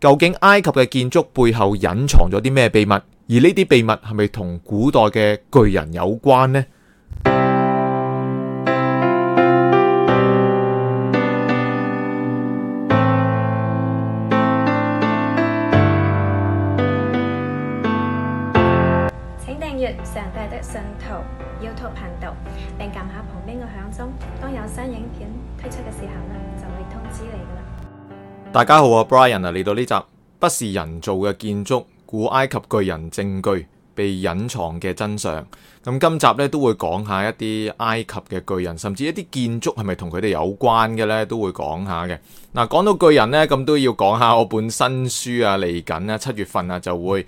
究竟埃及嘅建築背後隱藏咗啲咩秘密？而呢啲秘密係咪同古代嘅巨人有關呢？大家好啊，我係 Brian 啊，嚟到呢集不是人造嘅建築，古埃及巨人證據被隱藏嘅真相。咁、啊、今集咧都會講一下一啲埃及嘅巨人，甚至一啲建築係咪同佢哋有關嘅呢，都會講下嘅。嗱、啊，講到巨人呢，咁都要講下我本新書啊，嚟緊啊，七月份啊就會。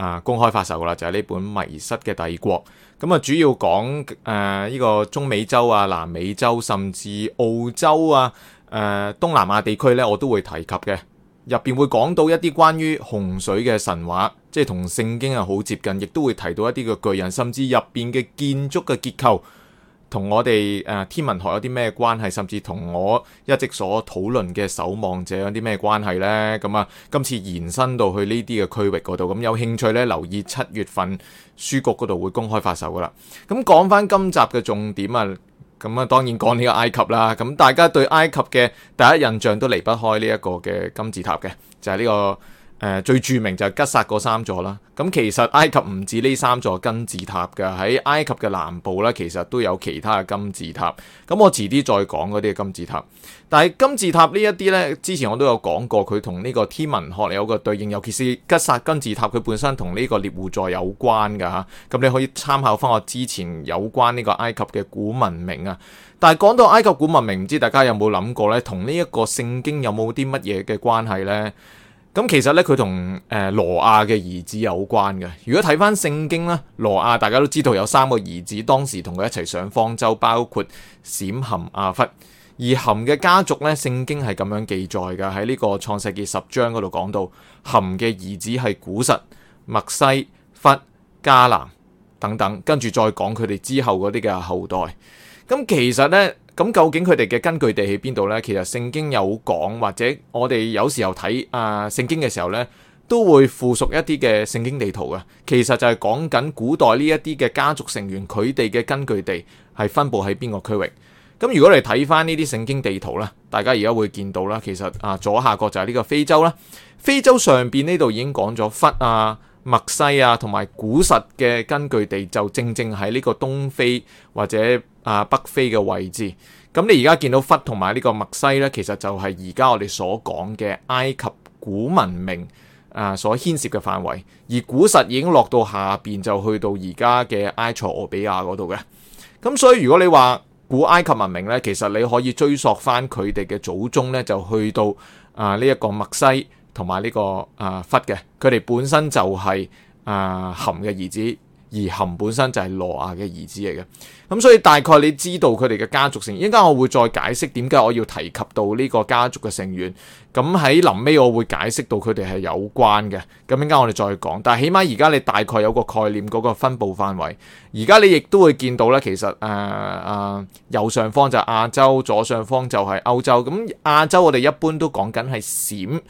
啊，公開發售噶啦，就係、是、呢本《迷失嘅帝國》，咁啊，主要講誒呢個中美洲啊、南美洲甚至澳洲啊、誒、呃、東南亞地區呢，我都會提及嘅。入邊會講到一啲關於洪水嘅神話，即係同聖經係好接近，亦都會提到一啲嘅巨人，甚至入邊嘅建築嘅結構。同我哋誒天文學有啲咩關係，甚至同我一直所討論嘅守望者有啲咩關係呢？咁啊，今次延伸到去呢啲嘅區域嗰度，咁有興趣呢，留意七月份書局嗰度會公開發售噶啦。咁講翻今集嘅重點啊，咁啊當然講呢個埃及啦。咁大家對埃及嘅第一印象都離不開呢一個嘅金字塔嘅，就係呢個。誒，最著名就係吉薩嗰三座啦。咁其實埃及唔止呢三座金字塔㗎，喺埃及嘅南部咧，其實都有其他嘅金字塔。咁我遲啲再講嗰啲金字塔。但係金字塔呢一啲呢，之前我都有講過，佢同呢個天文學有個對應。尤其是吉薩金字塔佢本身同呢個獵戶座有關噶吓。咁你可以參考返我之前有關呢個埃及嘅古文明啊。但係講到埃及古文明，唔知大家有冇諗過呢？同呢一個聖經有冇啲乜嘢嘅關係呢？咁其實咧，佢同誒挪亞嘅兒子有關嘅。如果睇翻聖經咧，挪亞大家都知道有三個兒子，當時同佢一齊上方舟，包括閃、含、阿弗。而含嘅家族咧，聖經係咁樣記載嘅，喺呢個創世記十章嗰度講到，含嘅兒子係古實、麥西、弗、迦南等等，跟住再講佢哋之後嗰啲嘅後代。咁其實咧。咁究竟佢哋嘅根據地喺邊度呢？其實聖經有講，或者我哋有時候睇啊聖經嘅時候呢，都會附屬一啲嘅聖經地圖啊。其實就係講緊古代呢一啲嘅家族成員佢哋嘅根據地係分布喺邊個區域。咁、嗯、如果你睇翻呢啲聖經地圖咧，大家而家會見到啦。其實啊、呃、左下角就係呢個非洲啦，非洲上邊呢度已經講咗弗啊、麥西啊同埋古實嘅根據地，就正正喺呢個東非或者，啊，北非嘅位置，咁、嗯、你而家見到弗同埋呢個麥西咧，其實就係而家我哋所講嘅埃及古文明啊所牽涉嘅範圍，而古實已經落到下邊就去到而家嘅埃塞俄比亞嗰度嘅，咁、嗯、所以如果你話古埃及文明咧，其實你可以追溯返佢哋嘅祖宗咧，就去到啊呢一、這個麥西同埋呢個啊弗嘅，佢哋本身就係、是、啊含嘅兒子。而含本身就係羅亞嘅兒子嚟嘅，咁所以大概你知道佢哋嘅家族成員。應該我會再解釋點解我要提及到呢個家族嘅成員。咁喺臨尾我會解釋到佢哋係有關嘅。咁應該我哋再講，但係起碼而家你大概有個概念嗰個分佈範圍。而家你亦都會見到呢，其實誒誒、呃呃、右上方就係亞洲，左上方就係歐洲。咁亞洲我哋一般都講緊係閃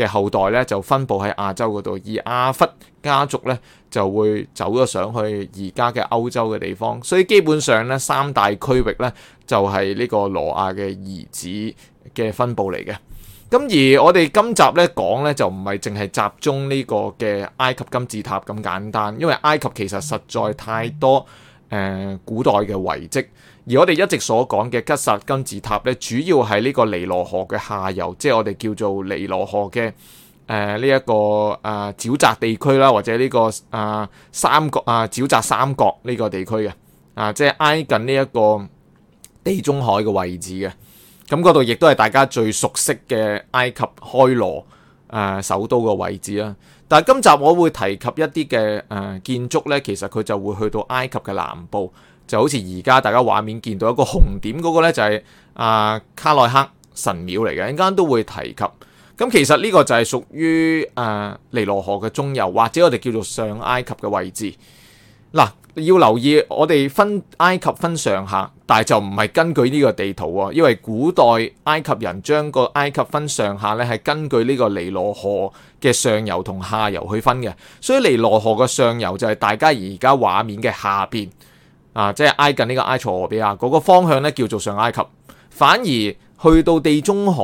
嘅後代咧就分布喺亞洲嗰度，而阿弗家族咧就會走咗上去而家嘅歐洲嘅地方，所以基本上咧三大區域咧就係、是、呢個挪亞嘅兒子嘅分布嚟嘅。咁而我哋今集咧講咧就唔係淨係集中呢個嘅埃及金字塔咁簡單，因為埃及其實實在太多誒、呃、古代嘅遺跡。而我哋一直所講嘅吉薩金字塔咧，主要係呢個尼羅河嘅下游，即係我哋叫做尼羅河嘅誒呢一個啊沼澤地區啦，或者呢個啊三角啊沼澤三角呢個地區嘅啊，即係挨近呢一個地中海嘅位置嘅。咁嗰度亦都係大家最熟悉嘅埃及開羅誒首都嘅位置啦。但係今集我會提及一啲嘅誒建築咧，其實佢就會去到埃及嘅南部。就好似而家大家畫面見到一個紅點嗰個呢，就係、是、啊、呃、卡內克神廟嚟嘅，陣間都會提及。咁其實呢個就係屬於啊、呃、尼羅河嘅中游，或者我哋叫做上埃及嘅位置。嗱，要留意我哋分埃及分上下，但係就唔係根據呢個地圖喎、啊，因為古代埃及人將個埃及分上下呢，係根據呢個尼羅河嘅上游同下游去分嘅。所以尼羅河嘅上游就係大家而家畫面嘅下邊。啊，即係挨近呢個埃塞俄比亞嗰、那個方向咧，叫做上埃及；反而去到地中海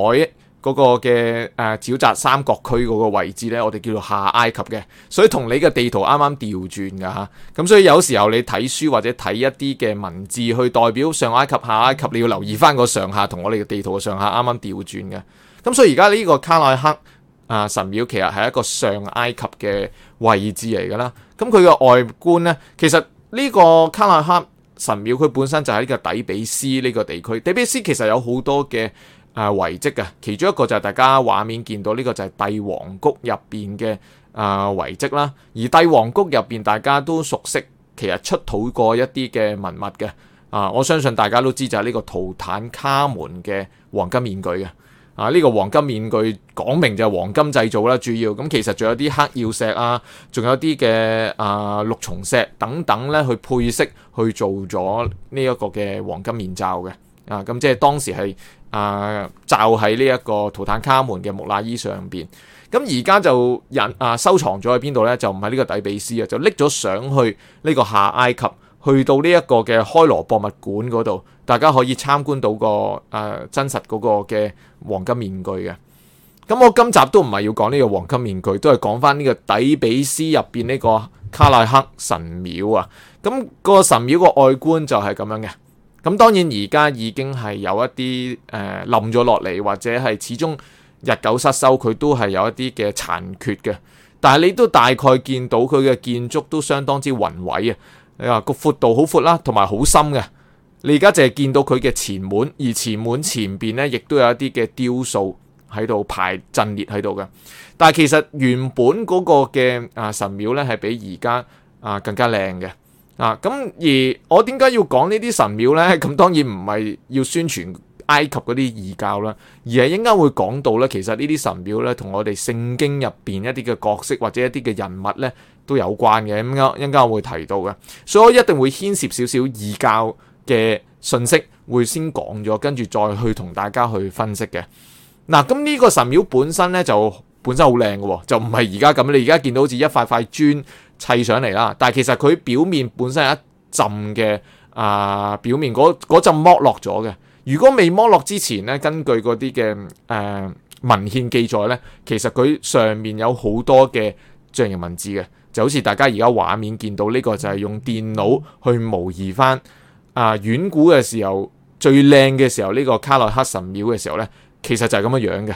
嗰個嘅誒、啊、沼澤三角區嗰個位置咧，我哋叫做下埃及嘅。所以同你嘅地圖啱啱調轉噶吓。咁、啊、所以有時候你睇書或者睇一啲嘅文字去代表上埃及、下埃及，你要留意翻個上下同我哋嘅地圖嘅上下啱啱調轉嘅。咁、啊、所以而家呢個卡內克啊神廟，其實係一個上埃及嘅位置嚟噶啦。咁佢嘅外觀咧，其實。呢個卡納克神廟佢本身就係呢個底比斯呢個地區，底比斯其實有好多嘅誒遺跡嘅，其中一個就係大家畫面見到呢個就係帝王谷入邊嘅誒遺跡啦。而帝王谷入邊大家都熟悉，其實出土過一啲嘅文物嘅啊，我相信大家都知就係呢個圖坦卡門嘅黃金面具嘅。啊！呢個黃金面具講明就係黃金製造啦，主要咁其實仲有啲黑曜石啊，仲有啲嘅啊綠松石等等咧，去配色去做咗呢一個嘅黃金面罩嘅。啊，咁即係當時係啊罩喺呢一個圖坦卡門嘅木乃伊上邊。咁而家就引啊收藏咗喺邊度咧？就唔喺呢個底比斯啊，就拎咗上去呢個下埃及，去到呢一個嘅開羅博物館嗰度。大家可以參觀到個誒、呃、真實嗰個嘅黃金面具嘅。咁我今集都唔係要講呢個黃金面具，都係講返呢個底比斯入邊呢個卡納克神廟啊。咁、個神廟個外觀就係咁樣嘅。咁當然而家已經係有一啲誒冧咗落嚟，或者係始終日久失修，佢都係有一啲嘅殘缺嘅。但係你都大概見到佢嘅建築都相當之宏偉啊！你話個闊度好闊啦，同埋好深嘅。你而家淨係見到佢嘅前門，而前門前邊咧，亦都有一啲嘅雕塑喺度排陣列喺度嘅。但係其實原本嗰個嘅啊神廟咧，係比而家啊更加靚嘅啊。咁而我點解要講呢啲神廟咧？咁當然唔係要宣傳埃及嗰啲異教啦，而係應該會講到咧。其實呢啲神廟咧，同我哋聖經入邊一啲嘅角色或者一啲嘅人物咧都有關嘅。咁應該我會提到嘅，所以我一定會牽涉少少異教。嘅信息會先講咗，跟住再去同大家去分析嘅嗱。咁呢個神廟本身咧，就本身好靚嘅，就唔係而家咁。你而家見到好似一塊塊磚砌上嚟啦，但係其實佢表面本身係一浸嘅啊表面嗰，嗰陣剝落咗嘅。如果未剝落之前咧，根據嗰啲嘅誒文獻記載咧，其實佢上面有好多嘅象形文字嘅，就好似大家而家畫面見到呢個就係用電腦去模擬翻。啊，遠古嘅時候最靚嘅時候，呢個卡洛克神廟嘅時候呢，其實就係咁樣樣嘅。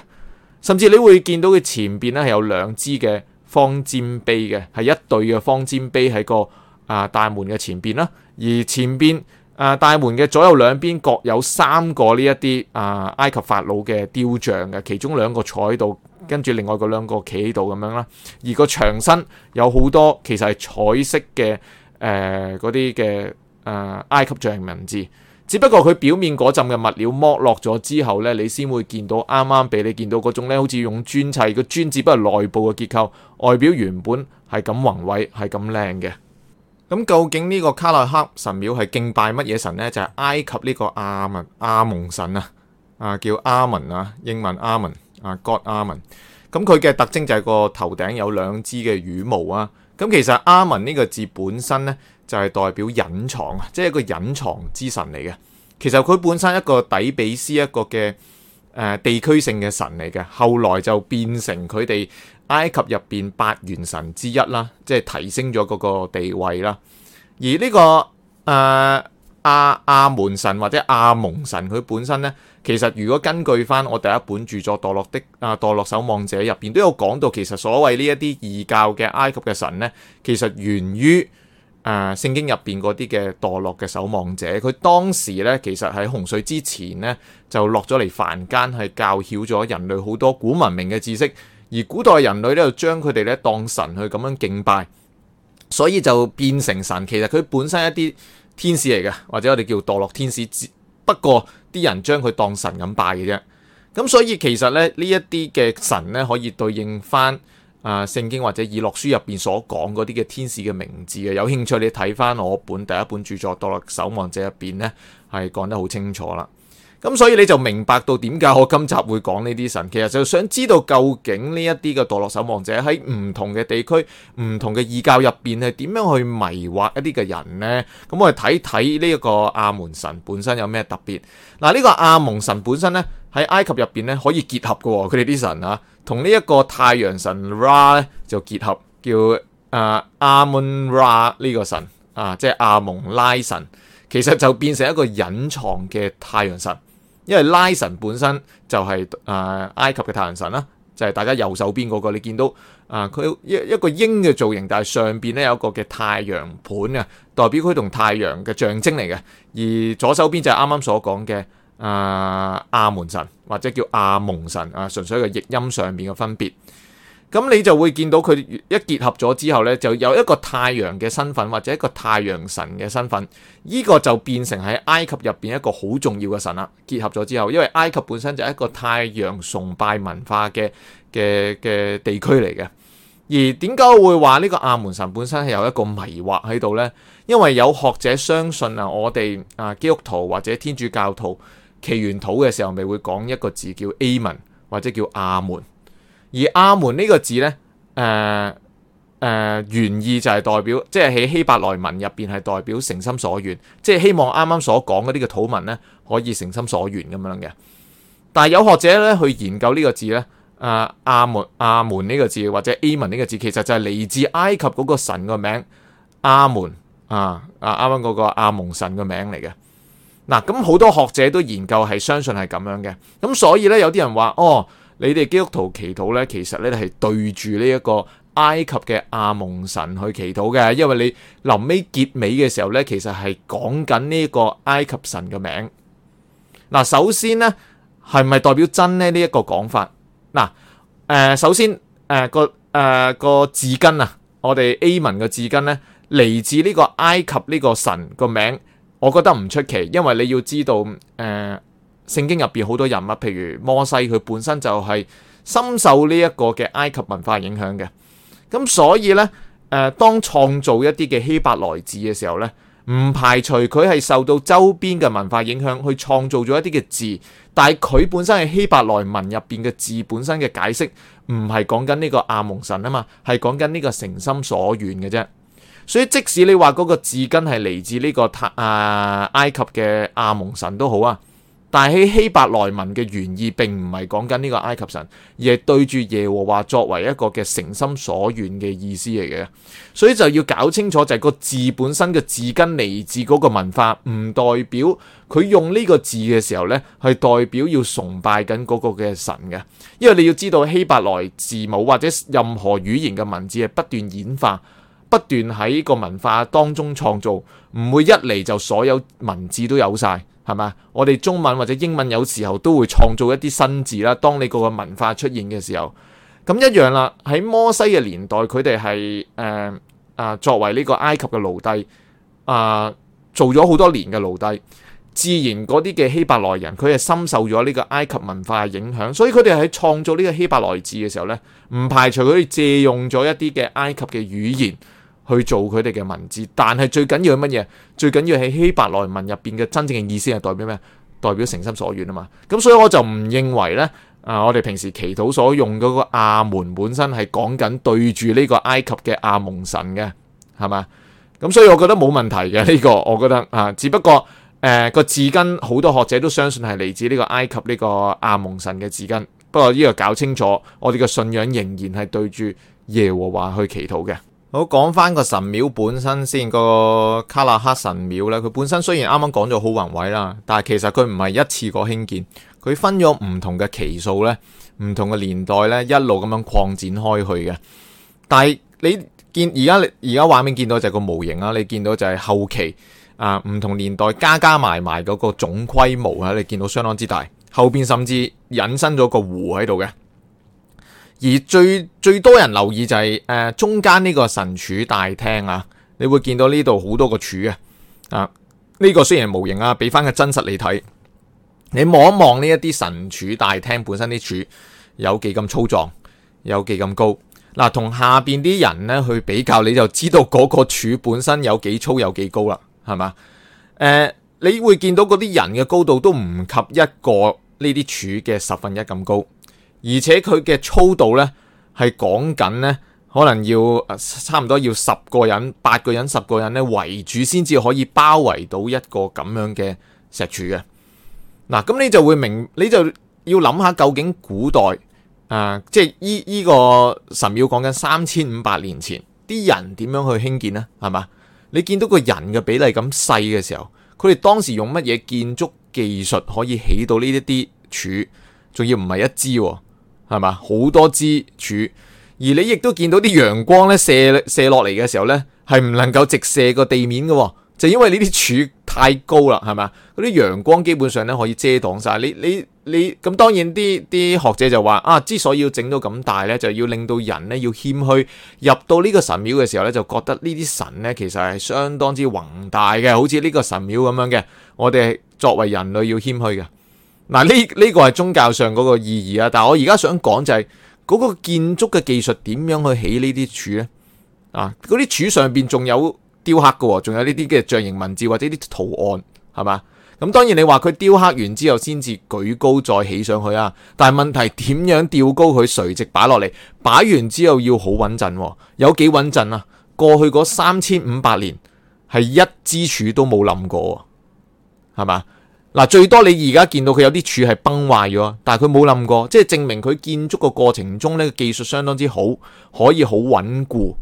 甚至你會見到佢前邊呢，係有兩支嘅方尖碑嘅，係一對嘅方尖碑喺個啊大門嘅前邊啦。而前邊啊大門嘅左右兩邊各有三個呢一啲啊埃及法老嘅雕像嘅，其中兩個坐喺度，跟住另外嗰兩個企喺度咁樣啦。而個牆身有好多其實係彩色嘅誒嗰啲嘅。呃誒、啊、埃及象形文字，只不過佢表面嗰浸嘅物料剝落咗之後呢，你先會見到啱啱俾你見到嗰種呢，好似用磚砌個磚，只不過內部嘅結構外表原本係咁宏偉係咁靚嘅。咁究竟呢個卡納克神廟係敬拜乜嘢神呢？就係、是、埃及呢個阿文阿蒙神啊，啊叫阿文啊，英文阿文啊 God 阿文。咁佢嘅特徵就係個頭頂有兩支嘅羽毛啊。咁其實阿文呢個字本身呢，就係代表隱藏啊，即係一個隱藏之神嚟嘅。其實佢本身一個底比斯一個嘅誒地區性嘅神嚟嘅，後來就變成佢哋埃及入邊八元神之一啦，即係提升咗嗰個地位啦。而呢個誒、呃、阿阿門神或者阿蒙神，佢本身呢，其實如果根據翻我第一本著作《墮落的》啊《墮落守望者》入邊都有講到，其實所謂呢一啲異教嘅埃及嘅神呢，其實源於。誒、啊，聖經入邊嗰啲嘅墮落嘅守望者，佢當時呢，其實喺洪水之前呢，就落咗嚟凡間，係教曉咗人類好多古文明嘅知識，而古代人類呢，就將佢哋呢當神去咁樣敬拜，所以就變成神。其實佢本身一啲天使嚟嘅，或者我哋叫墮落天使，不過啲人將佢當神咁拜嘅啫。咁所以其實呢，呢一啲嘅神呢，可以對應翻。啊！聖經或者以諾書入邊所講嗰啲嘅天使嘅名字嘅，有興趣你睇翻我本第一本著作《墮落守望者》入邊咧，係講得好清楚啦。咁所以你就明白到點解我今集會講呢啲神，其實就想知道究竟呢一啲嘅墮落守望者喺唔同嘅地區、唔同嘅異教入邊咧，係點樣去迷惑一啲嘅人呢？咁我哋睇睇呢一個亞門神本身有咩特別。嗱、啊，呢、這個亞門神本身呢。喺埃及入邊咧，可以結合嘅、哦，佢哋啲神啊，同呢一個太陽神拉咧就結合，叫啊阿門 Ra 呢個神啊，即係阿蒙拉神，其實就變成一個隱藏嘅太陽神，因為拉神本身就係、是、啊埃及嘅太陽神啦、啊，就係、是、大家右手邊嗰個你，你見到啊佢一一個鷹嘅造型，但係上邊咧有一個嘅太陽盤嘅、啊，代表佢同太陽嘅象徵嚟嘅，而左手邊就係啱啱所講嘅。啊，亞門神或者叫亞蒙神啊，純粹一個譯音上面嘅分別。咁你就會見到佢一結合咗之後呢，就有一個太陽嘅身份或者一個太陽神嘅身份。呢個就變成喺埃及入邊一個好重要嘅神啦。結合咗之後，因為埃及本身就係一個太陽崇拜文化嘅嘅嘅地區嚟嘅。而點解我會話呢個亞門神本身係有一個迷惑喺度呢？因為有學者相信啊，我哋啊基督徒或者天主教徒，祈完土嘅時候，咪會講一個字叫 amen 或者叫亞門，而亞門呢個字呢，誒、呃、誒、呃、原意就係代表，即係喺希伯來文入邊係代表誠心所願，即係希望啱啱所講嗰啲嘅土文呢，可以誠心所願咁樣嘅。但係有學者咧去研究呢個字呢，啊、呃、亞門亞門呢個字或者 amen 呢個字，其實就係嚟自埃及嗰個神嘅名亞門啊啊啱啱嗰個阿蒙神嘅名嚟嘅。嗱，咁好多學者都研究係相信係咁樣嘅，咁所以咧有啲人話：，哦，你哋基督徒祈禱咧，其實咧係對住呢一個埃及嘅亞蒙神去祈禱嘅，因為你臨尾結尾嘅時候咧，其實係講緊呢一個埃及神嘅名。嗱，首先呢，係咪代表真呢？呢、呢、一個講法？嗱，誒，首先誒、個誒、個字根啊，我哋 A 文嘅字根呢，嚟自呢個埃及呢個神個名。我覺得唔出奇，因為你要知道，誒、呃、聖經入邊好多人物，譬如摩西，佢本身就係深受呢一個嘅埃及文化影響嘅。咁所以呢，誒、呃、當創造一啲嘅希伯來字嘅時候呢，唔排除佢係受到周邊嘅文化影響去創造咗一啲嘅字。但係佢本身係希伯來文入邊嘅字本身嘅解釋，唔係講緊呢個亞蒙神啊嘛，係講緊呢個誠心所願嘅啫。所以即使你話嗰個字根係嚟自呢個泰啊埃及嘅阿蒙神都好啊，但係希伯來文嘅原意並唔係講緊呢個埃及神，而係對住耶和華作為一個嘅誠心所願嘅意思嚟嘅。所以就要搞清楚就係個字本身嘅字根嚟自嗰個文化，唔代表佢用呢個字嘅時候呢係代表要崇拜緊嗰個嘅神嘅。因為你要知道希伯來字母或者任何語言嘅文字係不斷演化。不斷喺個文化當中創造，唔會一嚟就所有文字都有晒。係嘛？我哋中文或者英文有時候都會創造一啲新字啦。當你個文化出現嘅時候，咁一樣啦。喺摩西嘅年代，佢哋係誒啊作為呢個埃及嘅奴隸啊，做咗好多年嘅奴隸，自然嗰啲嘅希伯來人佢係深受咗呢個埃及文化嘅影響，所以佢哋喺創造呢個希伯來字嘅時候呢，唔排除佢哋借用咗一啲嘅埃及嘅語言。去做佢哋嘅文字，但係最緊要係乜嘢？最緊要喺希伯來文入邊嘅真正嘅意思係代表咩？代表誠心所願啊嘛。咁所以我就唔認為呢，啊、呃，我哋平時祈禱所用嗰個阿門本身係講緊對住呢個埃及嘅阿蒙神嘅，係嘛？咁所以我覺得冇問題嘅呢、這個，我覺得啊，只不過誒、呃、個字根好多學者都相信係嚟自呢個埃及呢個阿蒙神嘅字根。不過呢個搞清楚，我哋嘅信仰仍然係對住耶和華去祈禱嘅。好講翻個神廟本身先，個卡拉克神廟咧，佢本身雖然啱啱講咗好宏偉啦，但係其實佢唔係一次過興建，佢分咗唔同嘅期數咧，唔同嘅年代咧一路咁樣擴展開去嘅。但係你見而家而家畫面見到就係個模型啊。你見到就係後期啊唔同年代加加埋埋嗰個總規模啊，你見到相當之大，後邊甚至引申咗個湖喺度嘅。而最最多人留意就係、是、誒、呃、中間呢個神柱大廳啊，你會見到呢度好多個柱啊！啊，呢、這個雖然模型啊，俾翻個真實你睇。你望一望呢一啲神柱大廳本身啲柱有幾咁粗壯，有幾咁高。嗱、啊，同下邊啲人呢去比較，你就知道嗰個柱本身有幾粗有幾高啦，係嘛？誒、呃，你會見到嗰啲人嘅高度都唔及一個呢啲柱嘅十分一咁高。而且佢嘅粗度呢，係講緊呢，可能要差唔多要十個人，八個人，十個人呢圍住先至可以包圍到一個咁樣嘅石柱嘅。嗱、啊，咁你就會明，你就要諗下究竟古代啊、呃，即係依依個神廟講緊三千五百年前啲人點樣去興建呢？係嘛？你見到個人嘅比例咁細嘅時候，佢哋當時用乜嘢建築技術可以起到呢一啲柱？仲要唔係一支、啊？係嘛，好多支柱，而你亦都見到啲陽光咧射射落嚟嘅時候咧，係唔能夠直射個地面嘅，哦，就因為呢啲柱太高啦，係嘛，嗰啲陽光基本上咧可以遮擋晒你你你，咁當然啲啲學者就話啊，之所以要整到咁大咧，就要令到人咧要謙虛，入到呢個神廟嘅時候咧，就覺得呢啲神咧其實係相當之宏大嘅，好似呢個神廟咁樣嘅，我哋係作為人類要謙虛嘅。嗱，呢呢個係宗教上嗰個意義啊，但係我而家想講就係嗰個建築嘅技術點樣去起呢啲柱呢？啊，嗰啲柱上邊仲有雕刻嘅，仲有呢啲嘅象形文字或者啲圖案，係嘛？咁當然你話佢雕刻完之後先至舉高再起上去啊，但係問題點樣吊高佢垂直擺落嚟？擺完之後要好穩陣喎，有幾穩陣啊？過去嗰三千五百年係一支柱都冇冧過，係嘛？嗱，最多你而家見到佢有啲柱係崩壞咗，但係佢冇冧過，即係證明佢建築個過程中呢咧，技術相當之好，可以好穩固。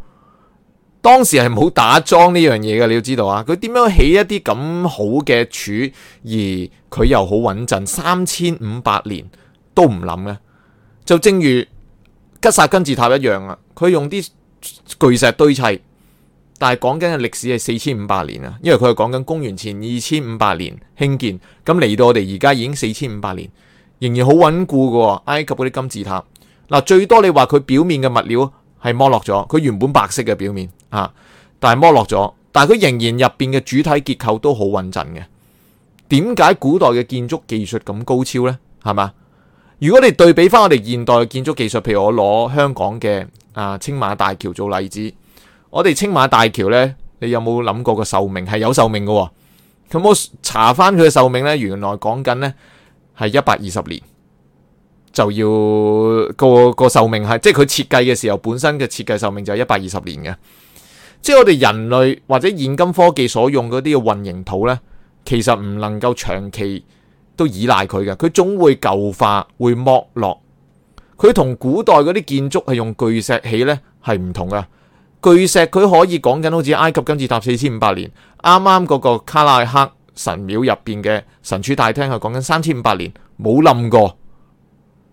當時係冇打樁呢樣嘢嘅，你要知道啊，佢點樣起一啲咁好嘅柱，而佢又好穩陣，三千五百年都唔冧呢。就正如吉薩金字塔一樣啊，佢用啲巨石堆砌。但係講緊嘅歷史係四千五百年啊，因為佢係講緊公元前二千五百年興建，咁嚟到我哋而家已經四千五百年，仍然好穩固嘅喎、哦。埃及嗰啲金字塔，嗱、啊、最多你話佢表面嘅物料係剝落咗，佢原本白色嘅表面啊，但係剝落咗，但係佢仍然入邊嘅主體結構都好穩陣嘅。點解古代嘅建築技術咁高超呢？係嘛？如果你對比翻我哋現代嘅建築技術，譬如我攞香港嘅啊青馬大橋做例子。我哋青馬大橋呢，你有冇諗過個壽命？係有壽命嘅、哦。咁我查翻佢嘅壽命呢，原來講緊呢係一百二十年就要個個壽命係，即係佢設計嘅時候本身嘅設計壽命就係一百二十年嘅。即係我哋人類或者現今科技所用嗰啲嘅混凝土呢，其實唔能夠長期都依賴佢嘅，佢總會舊化會剝落。佢同古代嗰啲建築係用巨石起呢，係唔同噶。巨石佢可以講緊好似埃及金字塔四千五百年，啱啱嗰個卡納克神廟入邊嘅神柱大廳係講緊三千五百年冇冧過。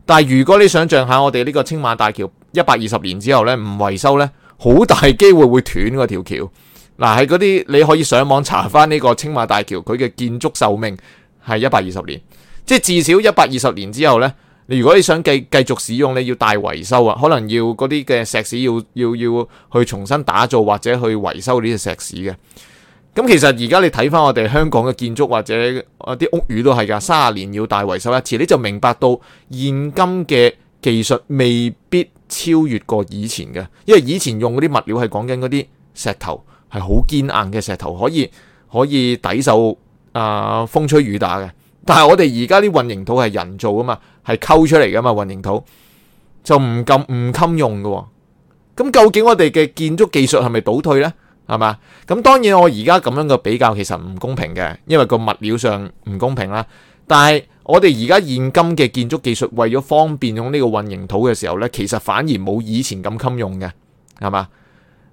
但係如果你想像下我哋呢個青馬大橋一百二十年之後呢，唔維修呢，好大機會會斷嗰條橋。嗱，喺嗰啲你可以上網查翻呢個青馬大橋，佢嘅建築壽命係一百二十年，即係至少一百二十年之後呢。如果你想繼繼續使用咧，你要大維修啊，可能要嗰啲嘅石屎要要要去重新打造或者去維修呢啲石屎嘅。咁其實而家你睇返我哋香港嘅建築或者啲屋宇都係㗎，三十年要大維修一次，你就明白到現今嘅技術未必超越過以前嘅，因為以前用嗰啲物料係講緊嗰啲石頭係好堅硬嘅石頭，可以可以抵受啊、呃、風吹雨打嘅。但係我哋而家啲混凝土係人造噶嘛，係溝出嚟噶嘛，混凝土就唔咁唔襟用噶喎。咁究竟我哋嘅建築技術係咪倒退呢？係嘛？咁當然我而家咁樣嘅比較其實唔公平嘅，因為個物料上唔公平啦。但係我哋而家現今嘅建築技術為咗方便用呢個混凝土嘅時候呢，其實反而冇以前咁襟用嘅，係嘛？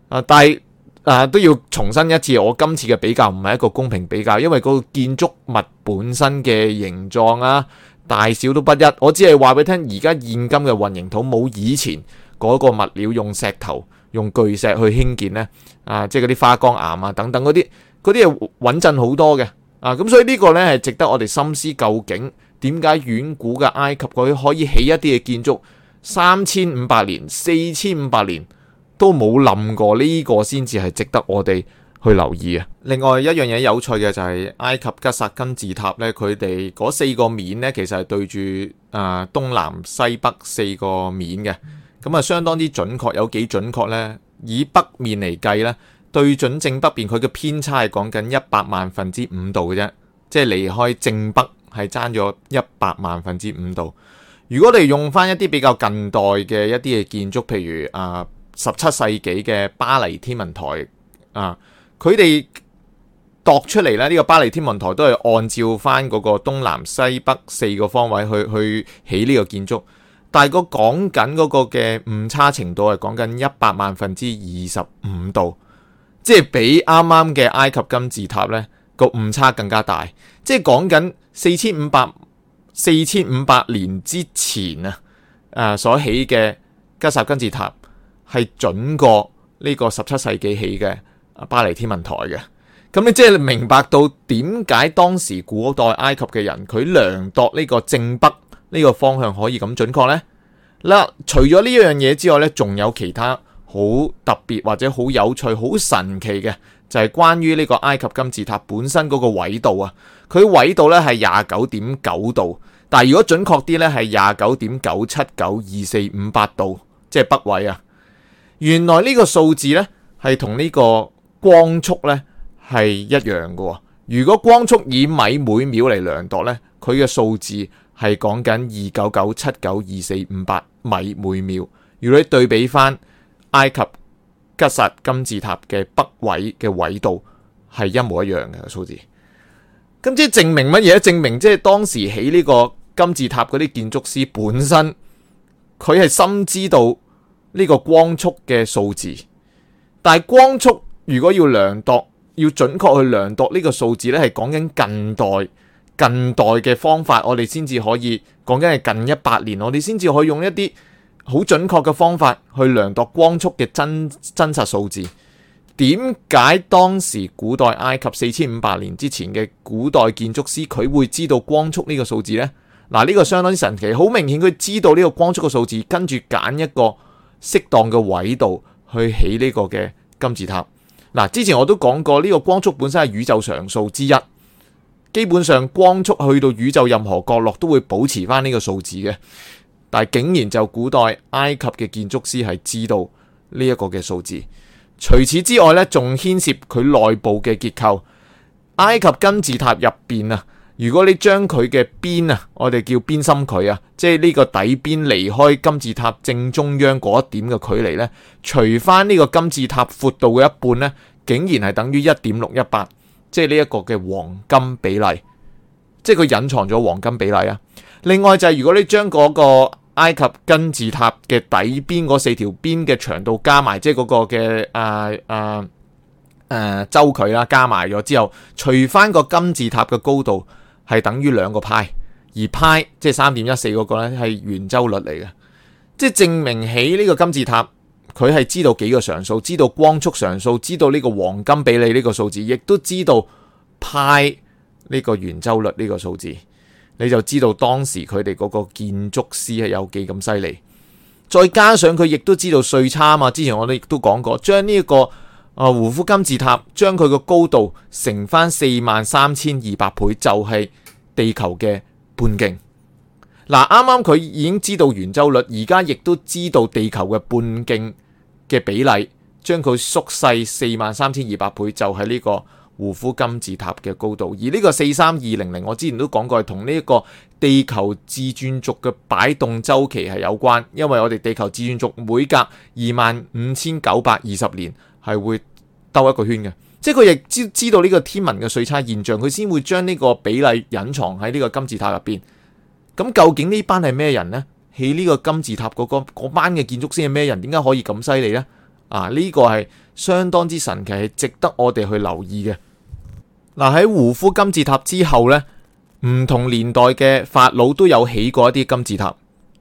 啊，但係。啊都要重申一次，我今次嘅比較唔係一個公平比較，因為嗰個建築物本身嘅形狀啊、大小都不一，我只係話俾你聽而家現今嘅混凝土冇以前嗰個物料用石頭、用巨石去興建咧，啊，即係嗰啲花崗岩啊等等嗰啲，嗰啲係穩陣好多嘅，啊，咁所以呢個呢，係值得我哋深思，究竟點解遠古嘅埃及佢可以起一啲嘅建築三千五百年、四千五百年？都冇諗過呢，呢個先至係值得我哋去留意啊。另外一樣嘢，有趣嘅就係、係、埃及、及吉薩金字塔呢，佢哋嗰四個面呢，其實係對住啊、呃、東南西北四個面嘅。咁啊，相當之準確，有幾準確呢？以北面嚟計呢，對準正北邊，佢嘅偏差係講緊一百萬分之五度嘅啫，即係離開正北係爭咗一百萬分之五度。如果你用翻一啲比較近代嘅一啲嘅建築，譬如啊，呃十七世紀嘅巴黎天文台啊，佢哋度出嚟咧，呢個巴黎天文台都係按照翻嗰個東南西北四個方位去去起呢個建築，但係個講緊嗰個嘅誤差程度係講緊一百萬分之二十五度，即係比啱啱嘅埃及金字塔呢個誤差更加大，即係講緊四千五百四千五百年之前啊，誒、啊、所起嘅吉薩金字塔。係準過呢個十七世紀起嘅巴黎天文台嘅。咁你即係明白到點解當時古代埃及嘅人佢量度呢個正北呢個方向可以咁準確呢？嗱，除咗呢樣嘢之外呢，仲有其他好特別或者好有趣、好神奇嘅，就係、是、關於呢個埃及金字塔本身嗰個緯度啊。佢緯度呢係廿九點九度，但係如果準確啲呢係廿九點九七九二四五八度，即、就、係、是、北緯啊。原來呢個數字呢，係同呢個光速呢係一樣嘅喎。如果光速以米每秒嚟量度呢，佢嘅數字係講緊二九九七九二四五八米每秒。如果你對比翻埃及吉薩金字塔嘅北位嘅緯度，係一模一樣嘅數字。咁即係證明乜嘢呢？證明即係當時起呢個金字塔嗰啲建築師本身，佢係深知道，呢個光速嘅數字，但係光速如果要量度，要準確去量度呢個數字呢，係講緊近代近代嘅方法，我哋先至可以講緊係近一百年，我哋先至可以用一啲好準確嘅方法去量度光速嘅真真實數字。點解當時古代埃及四千五百年之前嘅古代建築師，佢會知道光速呢個數字呢？嗱，呢個相當神奇，好明顯，佢知道呢個光速嘅數字，跟住揀一個。適當嘅緯度去起呢個嘅金字塔。嗱，之前我都講過，呢個光速本身係宇宙常數之一，基本上光速去到宇宙任何角落都會保持翻呢個數字嘅。但係竟然就古代埃及嘅建築師係知道呢一個嘅數字。除此之外呢，仲牽涉佢內部嘅結構。埃及金字塔入邊啊。如果你將佢嘅邊啊，我哋叫邊心距啊，即係呢個底邊離開金字塔正中央嗰一點嘅距離呢，除翻呢個金字塔闊度嘅一半呢，竟然係等於一點六一八，即係呢一個嘅黃金比例，即係佢隱藏咗黃金比例啊。另外就係如果你將嗰個埃及金字塔嘅底邊嗰四條邊嘅長度加埋，即係嗰個嘅誒誒誒周距啦，加埋咗之後，除翻個金字塔嘅高度。係等於兩個派，而派即係三點一四嗰個呢係圓周率嚟嘅，即係證明起呢個金字塔佢係知道幾個常數，知道光速常數，知道呢個黃金比例呢個數字，亦都知道派呢個圓周率呢個數字，你就知道當時佢哋嗰個建築師係有幾咁犀利。再加上佢亦都知道歲差嘛，之前我哋亦都講過，將呢個啊胡夫金字塔將佢個高度乘翻四萬三千二百倍就係，地球嘅半徑，嗱，啱啱佢已經知道圓周率，而家亦都知道地球嘅半徑嘅比例，將佢縮細四萬三千二百倍，就係呢個胡夫金字塔嘅高度。而呢個四三二零零，我之前都講過，同呢一個地球自轉軸嘅擺動周期係有關，因為我哋地球自轉軸每隔二萬五千九百二十年係會兜一個圈嘅。即係佢亦知知道呢個天文嘅歲差現象，佢先會將呢個比例隱藏喺呢個金字塔入邊。咁究竟呢班係咩人呢？起呢個金字塔嗰、嗰個班嘅建築師係咩人？點解可以咁犀利呢？啊，呢、呢個係相當之神奇，係值得我哋去留意嘅。嗱、啊，喺胡夫金字塔之後呢，唔同年代嘅法老都有起過一啲金字塔，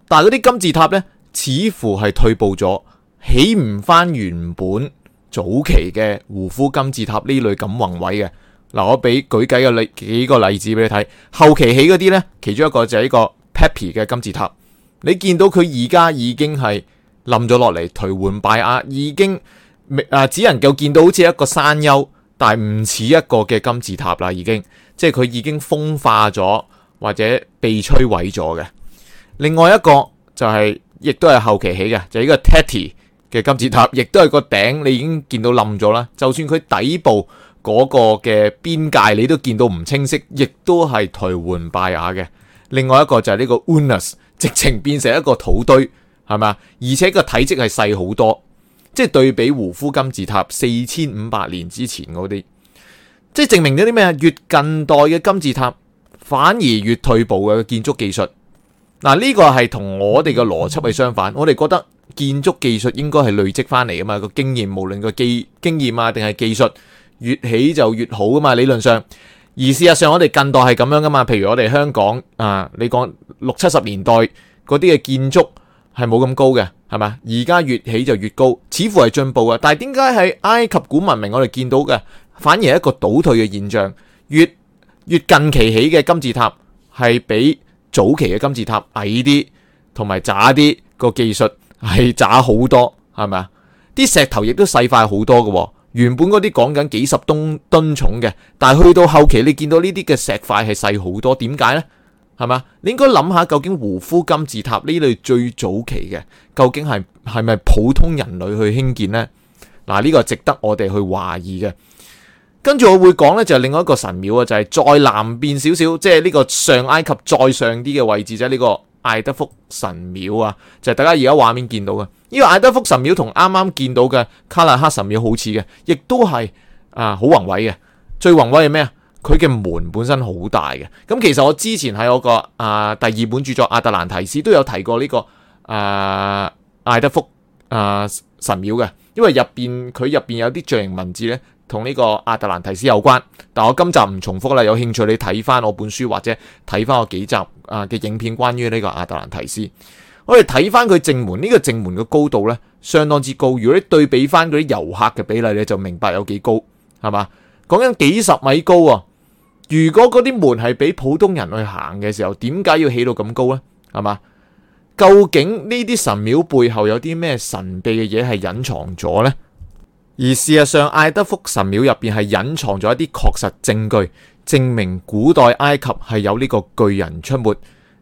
但係嗰啲金字塔呢，似乎係退步咗，起唔翻原本。早期嘅胡夫金字塔呢類咁宏偉嘅，嗱，我俾舉幾個例幾個例子俾你睇。後期起嗰啲呢，其中一個就係一個 Peppy 嘅金字塔，你見到佢而家已經係冧咗落嚟，頹垣敗瓦，已經啊、呃、只能夠見到好似一個山丘，但係唔似一個嘅金字塔啦，已經即係佢已經風化咗或者被摧毀咗嘅。另外一個就係、是、亦都係後期起嘅，就係、是、呢個 Tatty。嘅金字塔，亦都係個頂，你已經見到冧咗啦。就算佢底部嗰個嘅邊界，你都見到唔清晰，亦都係頹垣敗瓦嘅。另外一個就係呢個 Unas，直情變成一個土堆，係咪啊？而且個體積係細好多，即係對比胡夫金字塔四千五百年之前嗰啲，即係證明咗啲咩？越近代嘅金字塔，反而越退步嘅建築技術。嗱，呢個係同我哋嘅邏輯係相反，我哋覺得。建築技術應該係累積翻嚟噶嘛個經驗，無論個技經驗啊定係技術越起就越好噶嘛，理論上，而事實上我哋近代係咁樣噶嘛。譬如我哋香港啊，你講六七十年代嗰啲嘅建築係冇咁高嘅，係咪？而家越起就越高，似乎係進步嘅。但係點解喺埃及古文明我哋見到嘅反而係一個倒退嘅現象？越越近期起嘅金字塔係比早期嘅金字塔矮啲，同埋差啲個技術。係差好多，係咪啊？啲石頭亦都細塊好多嘅。原本嗰啲講緊幾十噸噸重嘅，但係去到後期，你見到呢啲嘅石塊係細好多。點解呢？係咪啊？你應該諗下，究竟胡夫金字塔呢類最早期嘅，究竟係係咪普通人類去興建呢？嗱、啊，呢、這個值得我哋去懷疑嘅。跟住我會講呢，就係、是、另外一個神廟啊，就係、是、再南邊少少，即係呢個上埃及再上啲嘅位置啫，呢、這個。艾德福神廟啊，就係、是、大家而家畫面見到嘅，呢、這個艾德福神廟同啱啱見到嘅卡納克神廟好似嘅，亦都係啊好宏偉嘅，最宏偉係咩啊？佢嘅門本身好大嘅，咁、嗯、其實我之前喺我個啊、呃、第二本著作《亞特蘭提斯》都有提過呢、這個啊、呃、艾德福啊、呃、神廟嘅，因為入邊佢入邊有啲象形文字咧。同呢個亞特蘭提斯有關，但我今集唔重複啦。有興趣你睇翻我本書或者睇翻我幾集啊嘅影片，關於呢個亞特蘭提斯。我哋睇翻佢正門，呢個正門嘅高度呢相當之高。如果你對比翻嗰啲遊客嘅比例，你就明白有幾高，係嘛？講緊幾十米高啊！如果嗰啲門係俾普通人去行嘅時候，點解要起到咁高呢？係嘛？究竟呢啲神廟背後有啲咩神秘嘅嘢係隱藏咗呢？而事實上，艾德福神廟入邊係隱藏咗一啲確實證據，證明古代埃及係有呢個巨人出沒。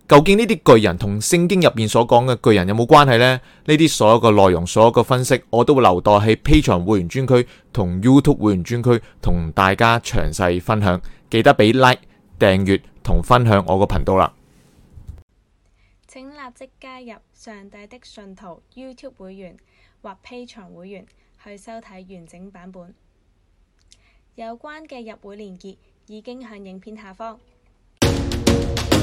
究竟呢啲巨人同聖經入面所講嘅巨人有冇關係呢？呢啲所有嘅內容，所有嘅分析，我都會留待喺 Patreon 會員專區同 YouTube 會員專區同大家詳細分享。記得俾 like 訂閱同分享我個頻道啦！請立即加入上帝的信徒 YouTube 會員或 Patreon 會員。去收睇完整版本，有關嘅入會連結已經向影片下方。